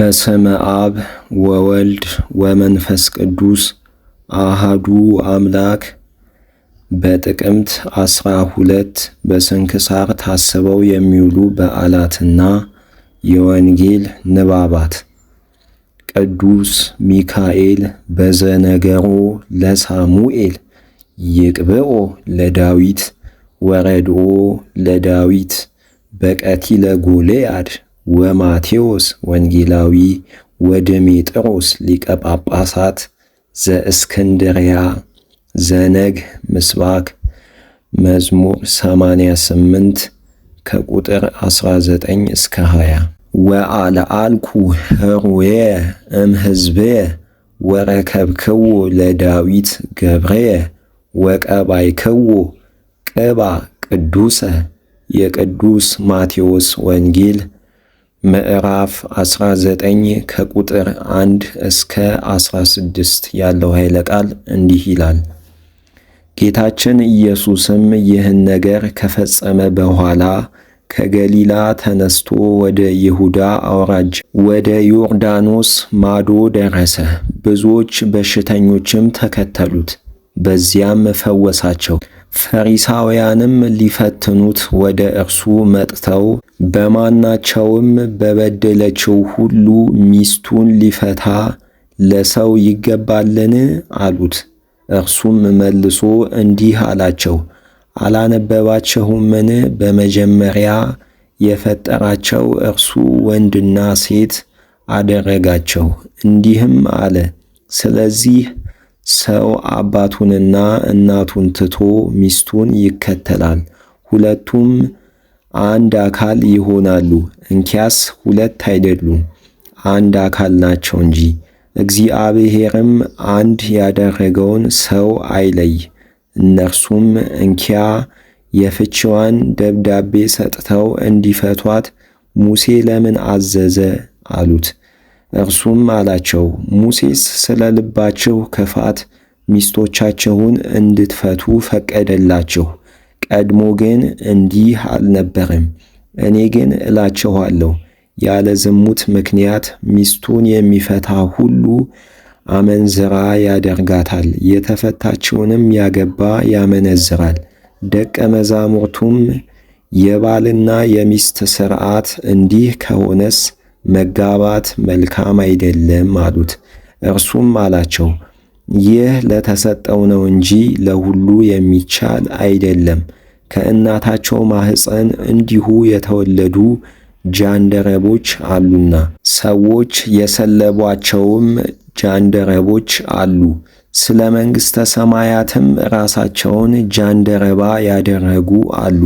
በስመ አብ ወወልድ ወመንፈስ ቅዱስ አሃዱ አምላክ። በጥቅምት አስራ ሁለት በስንክሳር ታስበው የሚውሉ በዓላትና የወንጌል ንባባት ቅዱስ ሚካኤል በዘነገሮ ለሳሙኤል ይቅብኦ ለዳዊት ወረድኦ ለዳዊት ለጎሌ ጎልያድ ወማቴዎስ ወንጌላዊ ወደሜጥሮስ ሊቀ ጳጳሳት ዘእስክንድርያ ዘነግህ ምስባክ መዝሙር 88 ከቁጥር 19 እስከ 20 ወአለአልኩ ህሩዬ እምህዝቤ ወረከብክዎ ለዳዊት ገብሬ ወቀባይክዎ ቅባ ቅዱሰ የቅዱስ ማቴዎስ ወንጌል ምዕራፍ 19 ከቁጥር 1 እስከ 16 ያለው ኃይለ ቃል እንዲህ ይላል። ጌታችን ኢየሱስም ይህን ነገር ከፈጸመ በኋላ ከገሊላ ተነስቶ ወደ ይሁዳ አውራጅ ወደ ዮርዳኖስ ማዶ ደረሰ። ብዙዎች በሽተኞችም ተከተሉት፣ በዚያም ፈወሳቸው። ፈሪሳውያንም ሊፈትኑት ወደ እርሱ መጥተው በማናቸውም በበደለችው ሁሉ ሚስቱን ሊፈታ ለሰው ይገባልን? አሉት። እርሱም መልሶ እንዲህ አላቸው፣ አላነበባችሁምን? በመጀመሪያ የፈጠራቸው እርሱ ወንድና ሴት አደረጋቸው። እንዲህም አለ፣ ስለዚህ ሰው አባቱንና እናቱን ትቶ ሚስቱን ይከተላል፣ ሁለቱም አንድ አካል ይሆናሉ። እንኪያስ ሁለት አይደሉም፣ አንድ አካል ናቸው እንጂ። እግዚአብሔርም አንድ ያደረገውን ሰው አይለይ። እነርሱም እንኪያ የፍቺዋን ደብዳቤ ሰጥተው እንዲፈቷት ሙሴ ለምን አዘዘ አሉት። እርሱም አላቸው፣ ሙሴስ ስለ ልባችሁ ክፋት ሚስቶቻችሁን እንድትፈቱ ፈቀደላችሁ። ቀድሞ ግን እንዲህ አልነበረም። እኔ ግን እላችኋለሁ ያለ ዝሙት ምክንያት ሚስቱን የሚፈታ ሁሉ አመንዝራ ያደርጋታል፣ የተፈታችውንም ያገባ ያመነዝራል። ደቀ መዛሙርቱም የባልና የሚስት ሥርዓት እንዲህ ከሆነስ መጋባት መልካም አይደለም አሉት። እርሱም አላቸው ይህ ለተሰጠው ነው እንጂ ለሁሉ የሚቻል አይደለም። ከእናታቸው ማህፀን እንዲሁ የተወለዱ ጃንደረቦች አሉና ሰዎች የሰለቧቸውም ጃንደረቦች አሉ። ስለ መንግሥተ ሰማያትም ራሳቸውን ጃንደረባ ያደረጉ አሉ።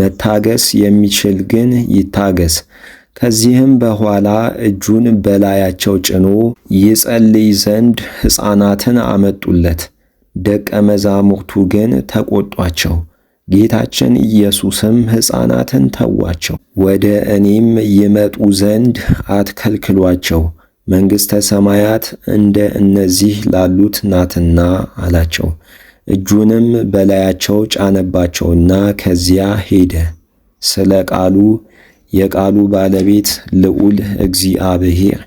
መታገስ የሚችል ግን ይታገስ። ከዚህም በኋላ እጁን በላያቸው ጭኖ ይጸልይ ዘንድ ሕፃናትን አመጡለት። ደቀ መዛሙርቱ ግን ተቆጧቸው። ጌታችን ኢየሱስም ሕፃናትን ተዋቸው፣ ወደ እኔም ይመጡ ዘንድ አትከልክሏቸው፣ መንግሥተ ሰማያት እንደ እነዚህ ላሉት ናትና አላቸው። እጁንም በላያቸው ጫነባቸውና ከዚያ ሄደ። ስለ ቃሉ የቃሉ ባለቤት ልዑል እግዚአብሔር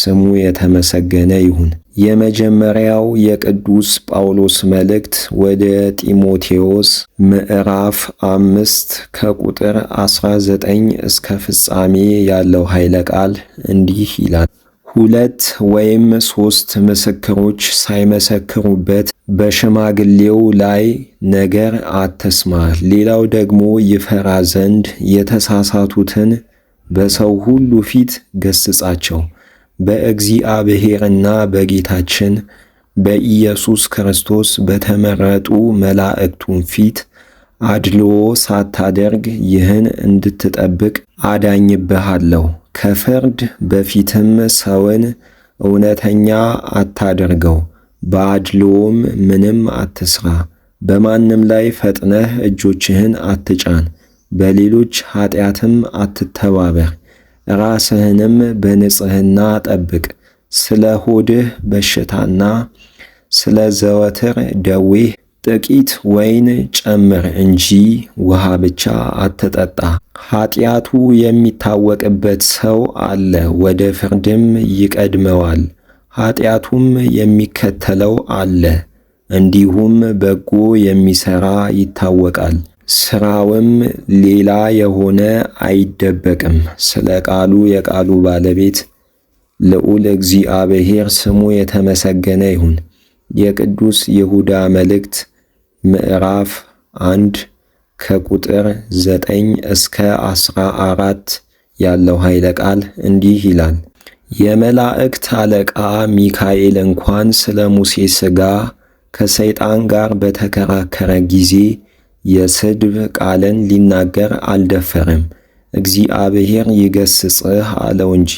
ስሙ የተመሰገነ ይሁን። የመጀመሪያው የቅዱስ ጳውሎስ መልእክት ወደ ጢሞቴዎስ ምዕራፍ አምስት ከቁጥር 19 እስከ ፍጻሜ ያለው ኃይለ ቃል እንዲህ ይላል። ሁለት ወይም ሦስት ምስክሮች ሳይመሰክሩበት በሽማግሌው ላይ ነገር አትስማ። ሌላው ደግሞ ይፈራ ዘንድ የተሳሳቱትን በሰው ሁሉ ፊት ገስጻቸው። በእግዚአብሔርና በጌታችን በኢየሱስ ክርስቶስ በተመረጡ መላእክቱን ፊት አድልዎ ሳታደርግ ይህን እንድትጠብቅ አዳኝብሃለሁ። ከፍርድ በፊትም ሰውን እውነተኛ አታደርገው፣ በአድልዎም ምንም አትስራ። በማንም ላይ ፈጥነህ እጆችህን አትጫን፣ በሌሎች ኀጢአትም አትተባበር። ራስህንም በንጽህና ጠብቅ። ስለ ሆድህ በሽታና ስለ ዘወትር ደዌህ ጥቂት ወይን ጨምር እንጂ ውሃ ብቻ አትጠጣ። ኃጢአቱ የሚታወቅበት ሰው አለ፣ ወደ ፍርድም ይቀድመዋል። ኃጢአቱም የሚከተለው አለ፣ እንዲሁም በጎ የሚሠራ ይታወቃል። ሥራውም ሌላ የሆነ አይደበቅም። ስለ ቃሉ የቃሉ ባለቤት ልዑል እግዚአብሔር ስሙ የተመሰገነ ይሁን። የቅዱስ ይሁዳ መልእክት ምዕራፍ አንድ ከቁጥር ዘጠኝ እስከ አስራ አራት ያለው ኃይለ ቃል እንዲህ ይላል። የመላእክት አለቃ ሚካኤል እንኳን ስለ ሙሴ ሥጋ ከሰይጣን ጋር በተከራከረ ጊዜ የስድብ ቃልን ሊናገር አልደፈረም። እግዚአብሔር ይገስጽህ አለው እንጂ።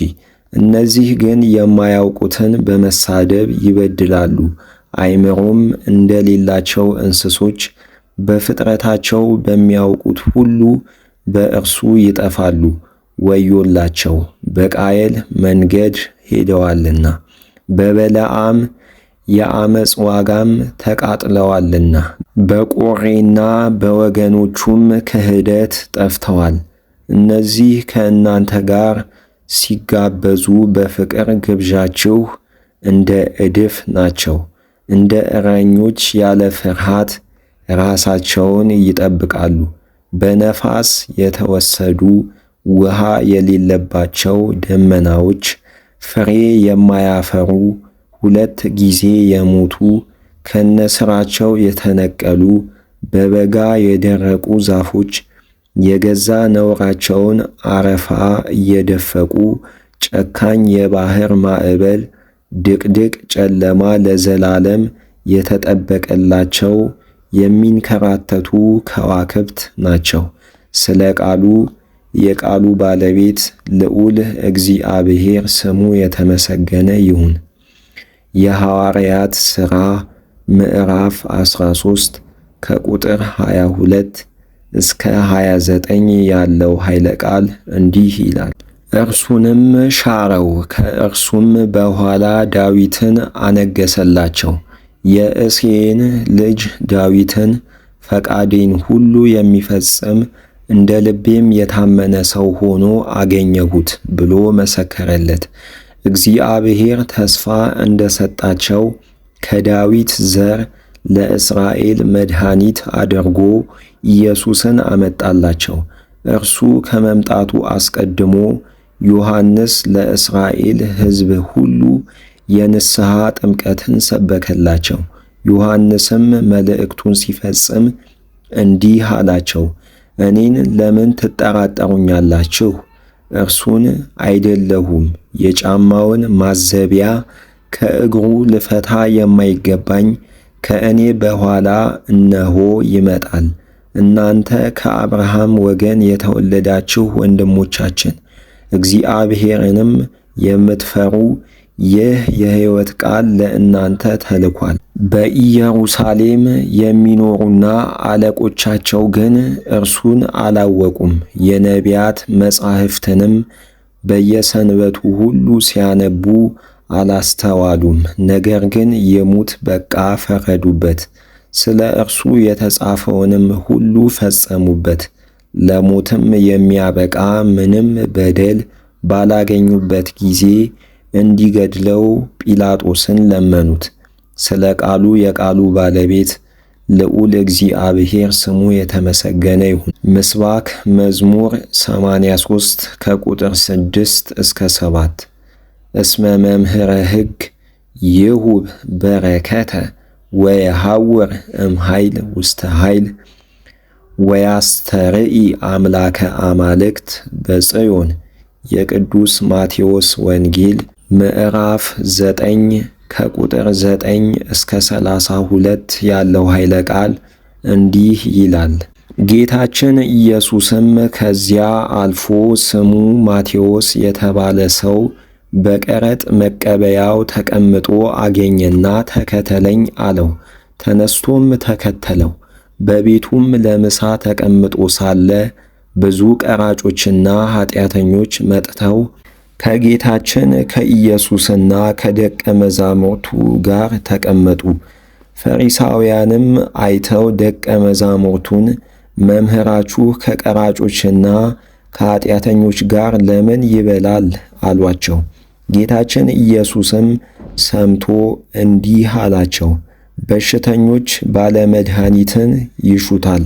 እነዚህ ግን የማያውቁትን በመሳደብ ይበድላሉ፣ አይምሮም እንደሌላቸው እንስሶች በፍጥረታቸው በሚያውቁት ሁሉ በእርሱ ይጠፋሉ። ወዮላቸው በቃየል መንገድ ሄደዋልና በበለዓም የአመፅ ዋጋም ተቃጥለዋልና በቆሬና በወገኖቹም ክህደት ጠፍተዋል። እነዚህ ከእናንተ ጋር ሲጋበዙ በፍቅር ግብዣችሁ እንደ እድፍ ናቸው። እንደ እረኞች ያለ ፍርሃት ራሳቸውን ይጠብቃሉ። በነፋስ የተወሰዱ ውሃ የሌለባቸው ደመናዎች፣ ፍሬ የማያፈሩ ሁለት ጊዜ የሞቱ ከነሥራቸው የተነቀሉ በበጋ የደረቁ ዛፎች የገዛ ነውራቸውን አረፋ እየደፈቁ ጨካኝ የባህር ማዕበል ድቅድቅ ጨለማ ለዘላለም የተጠበቀላቸው የሚንከራተቱ ከዋክብት ናቸው። ስለ ቃሉ የቃሉ ባለቤት ልዑል እግዚአብሔር ስሙ የተመሰገነ ይሁን። የሐዋርያት ሥራ ምዕራፍ 13 ከቁጥር 22 እስከ 29 ያለው ኃይለ ቃል እንዲህ ይላል። እርሱንም ሻረው፣ ከእርሱም በኋላ ዳዊትን አነገሰላቸው። የእሴይን ልጅ ዳዊትን ፈቃዴን ሁሉ የሚፈጽም እንደ ልቤም የታመነ ሰው ሆኖ አገኘሁት ብሎ መሰከረለት። እግዚአብሔር ተስፋ እንደሰጣቸው ከዳዊት ዘር ለእስራኤል መድኃኒት አድርጎ ኢየሱስን አመጣላቸው። እርሱ ከመምጣቱ አስቀድሞ ዮሐንስ ለእስራኤል ሕዝብ ሁሉ የንስሐ ጥምቀትን ሰበከላቸው። ዮሐንስም መልእክቱን ሲፈጽም እንዲህ አላቸው፣ እኔን ለምን ትጠራጠሩኛላችሁ? እርሱን አይደለሁም የጫማውን ማዘቢያ ከእግሩ ልፈታ የማይገባኝ ከእኔ በኋላ እነሆ ይመጣል። እናንተ ከአብርሃም ወገን የተወለዳችሁ ወንድሞቻችን እግዚአብሔርንም የምትፈሩ ይህ የሕይወት ቃል ለእናንተ ተልኳል። በኢየሩሳሌም የሚኖሩና አለቆቻቸው ግን እርሱን አላወቁም፣ የነቢያት መጻሕፍትንም በየሰንበቱ ሁሉ ሲያነቡ አላስተዋሉም። ነገር ግን የሙት በቃ ፈረዱበት፣ ስለ እርሱ የተጻፈውንም ሁሉ ፈጸሙበት። ለሞትም የሚያበቃ ምንም በደል ባላገኙበት ጊዜ እንዲገድለው ጲላጦስን ለመኑት። ስለ ቃሉ የቃሉ ባለቤት ልዑል እግዚአብሔር ስሙ የተመሰገነ ይሁን። ምስባክ መዝሙር 83 ከቁጥር 6 እስከ 7 እስመ መምህረ ሕግ ይሁብ በረከተ ወየሐውር እም ኃይል ውስተ ኃይል ወያስተርኢ አምላከ አማልክት በጽዮን የቅዱስ ማቴዎስ ወንጌል ምዕራፍ ዘጠኝ ከቁጥር ዘጠኝ እስከ ሰላሳ ሁለት ያለው ኃይለ ቃል እንዲህ ይላል። ጌታችን ኢየሱስም ከዚያ አልፎ ስሙ ማቴዎስ የተባለ ሰው በቀረጥ መቀበያው ተቀምጦ አገኘና ተከተለኝ አለው። ተነስቶም ተከተለው። በቤቱም ለምሳ ተቀምጦ ሳለ ብዙ ቀራጮችና ኀጢአተኞች መጥተው ከጌታችን ከኢየሱስና ከደቀ መዛሙርቱ ጋር ተቀመጡ። ፈሪሳውያንም አይተው ደቀ መዛሙርቱን መምህራችሁ ከቀራጮችና ከኃጢአተኞች ጋር ለምን ይበላል? አሏቸው። ጌታችን ኢየሱስም ሰምቶ እንዲህ አላቸው፣ በሽተኞች ባለመድኃኒትን ይሹታል፣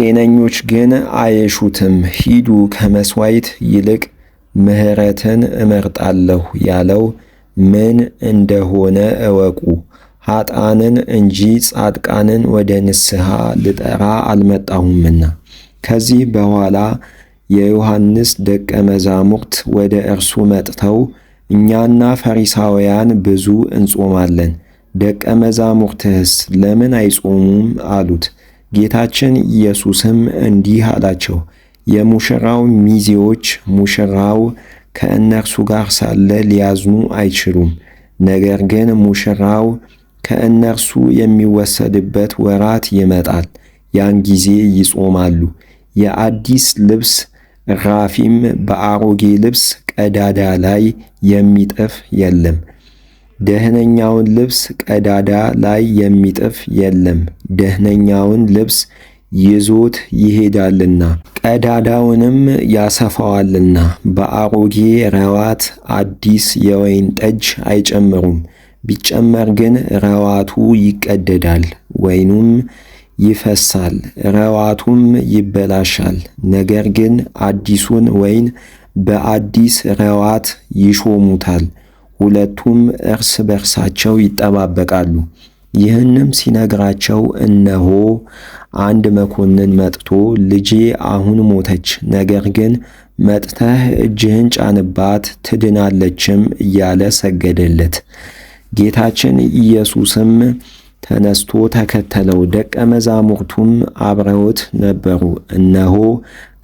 ጤነኞች ግን አይሹትም። ሂዱ ከመሥዋዕት ይልቅ ምሕረትን እመርጣለሁ ያለው ምን እንደሆነ እወቁ። ኀጣንን እንጂ ጻድቃንን ወደ ንስሐ ልጠራ አልመጣሁምና። ከዚህ በኋላ የዮሐንስ ደቀ መዛሙርት ወደ እርሱ መጥተው እኛና ፈሪሳውያን ብዙ እንጾማለን፣ ደቀ መዛሙርትህስ ለምን አይጾሙም? አሉት። ጌታችን ኢየሱስም እንዲህ አላቸው የሙሽራው ሚዜዎች ሙሽራው ከእነርሱ ጋር ሳለ ሊያዝኑ አይችሉም። ነገር ግን ሙሽራው ከእነርሱ የሚወሰድበት ወራት ይመጣል። ያን ጊዜ ይጾማሉ። የአዲስ ልብስ እራፊም በአሮጌ ልብስ ቀዳዳ ላይ የሚጥፍ የለም። ደህነኛውን ልብስ ቀዳዳ ላይ የሚጥፍ የለም። ደህነኛውን ልብስ ይዞት ይሄዳልና ቀዳዳውንም ያሰፋዋልና። በአሮጌ ረዋት አዲስ የወይን ጠጅ አይጨምሩም፤ ቢጨመር ግን ረዋቱ ይቀደዳል፣ ወይኑም ይፈሳል፣ ረዋቱም ይበላሻል። ነገር ግን አዲሱን ወይን በአዲስ ረዋት ይሾሙታል፣ ሁለቱም እርስ በርሳቸው ይጠባበቃሉ። ይህንም ሲነግራቸው እነሆ አንድ መኮንን መጥቶ ልጄ አሁን ሞተች፣ ነገር ግን መጥተህ እጅህን ጫንባት ትድናለችም እያለ ሰገደለት። ጌታችን ኢየሱስም ተነስቶ ተከተለው፣ ደቀ መዛሙርቱም አብረውት ነበሩ። እነሆ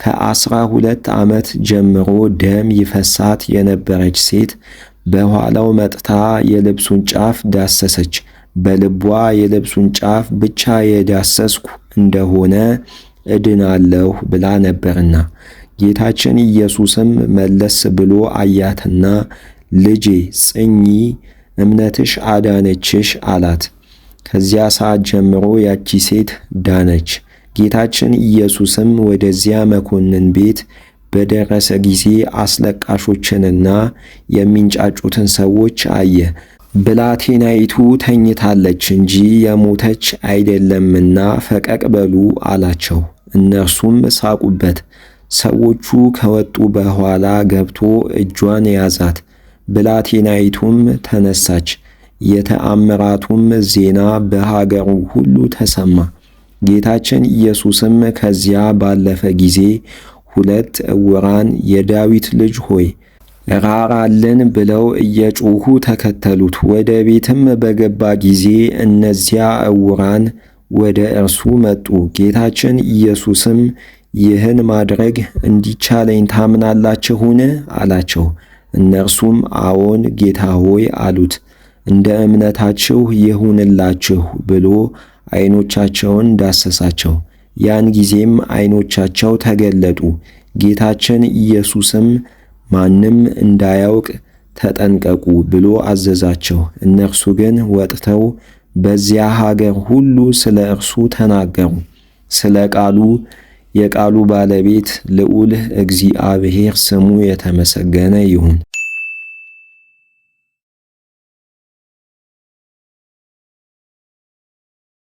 ከአስራ ሁለት ዓመት ጀምሮ ደም ይፈሳት የነበረች ሴት በኋላው መጥታ የልብሱን ጫፍ ዳሰሰች። በልቧ የልብሱን ጫፍ ብቻ የዳሰስኩ እንደሆነ እድናለሁ ብላ ነበርና። ጌታችን ኢየሱስም መለስ ብሎ አያትና ልጄ ጽኚ፣ እምነትሽ አዳነችሽ አላት። ከዚያ ሰዓት ጀምሮ ያቺ ሴት ዳነች። ጌታችን ኢየሱስም ወደዚያ መኮንን ቤት በደረሰ ጊዜ አስለቃሾችንና የሚንጫጩትን ሰዎች አየ። ብላቴናይቱ ተኝታለች እንጂ የሞተች አይደለምና ፈቀቅ በሉ አላቸው። እነርሱም ሳቁበት። ሰዎቹ ከወጡ በኋላ ገብቶ እጇን ያዛት። ብላቴናይቱም ተነሳች። የተአምራቱም ዜና በሀገሩ ሁሉ ተሰማ። ጌታችን ኢየሱስም ከዚያ ባለፈ ጊዜ ሁለት ዕውራን የዳዊት ልጅ ሆይ ራራልን ብለው እየጮሁ ተከተሉት። ወደ ቤትም በገባ ጊዜ እነዚያ ዕውራን ወደ እርሱ መጡ። ጌታችን ኢየሱስም ይህን ማድረግ እንዲቻለኝ ታምናላችሁን? አላቸው። እነርሱም አዎን ጌታ ሆይ አሉት። እንደ እምነታችሁ ይሁንላችሁ ብሎ ዐይኖቻቸውን ዳሰሳቸው። ያን ጊዜም ዐይኖቻቸው ተገለጡ። ጌታችን ኢየሱስም ማንም እንዳያውቅ ተጠንቀቁ ብሎ አዘዛቸው። እነርሱ ግን ወጥተው በዚያ ሀገር ሁሉ ስለ እርሱ ተናገሩ። ስለ ቃሉ የቃሉ ባለቤት ልዑል እግዚአብሔር ስሙ የተመሰገነ ይሁን።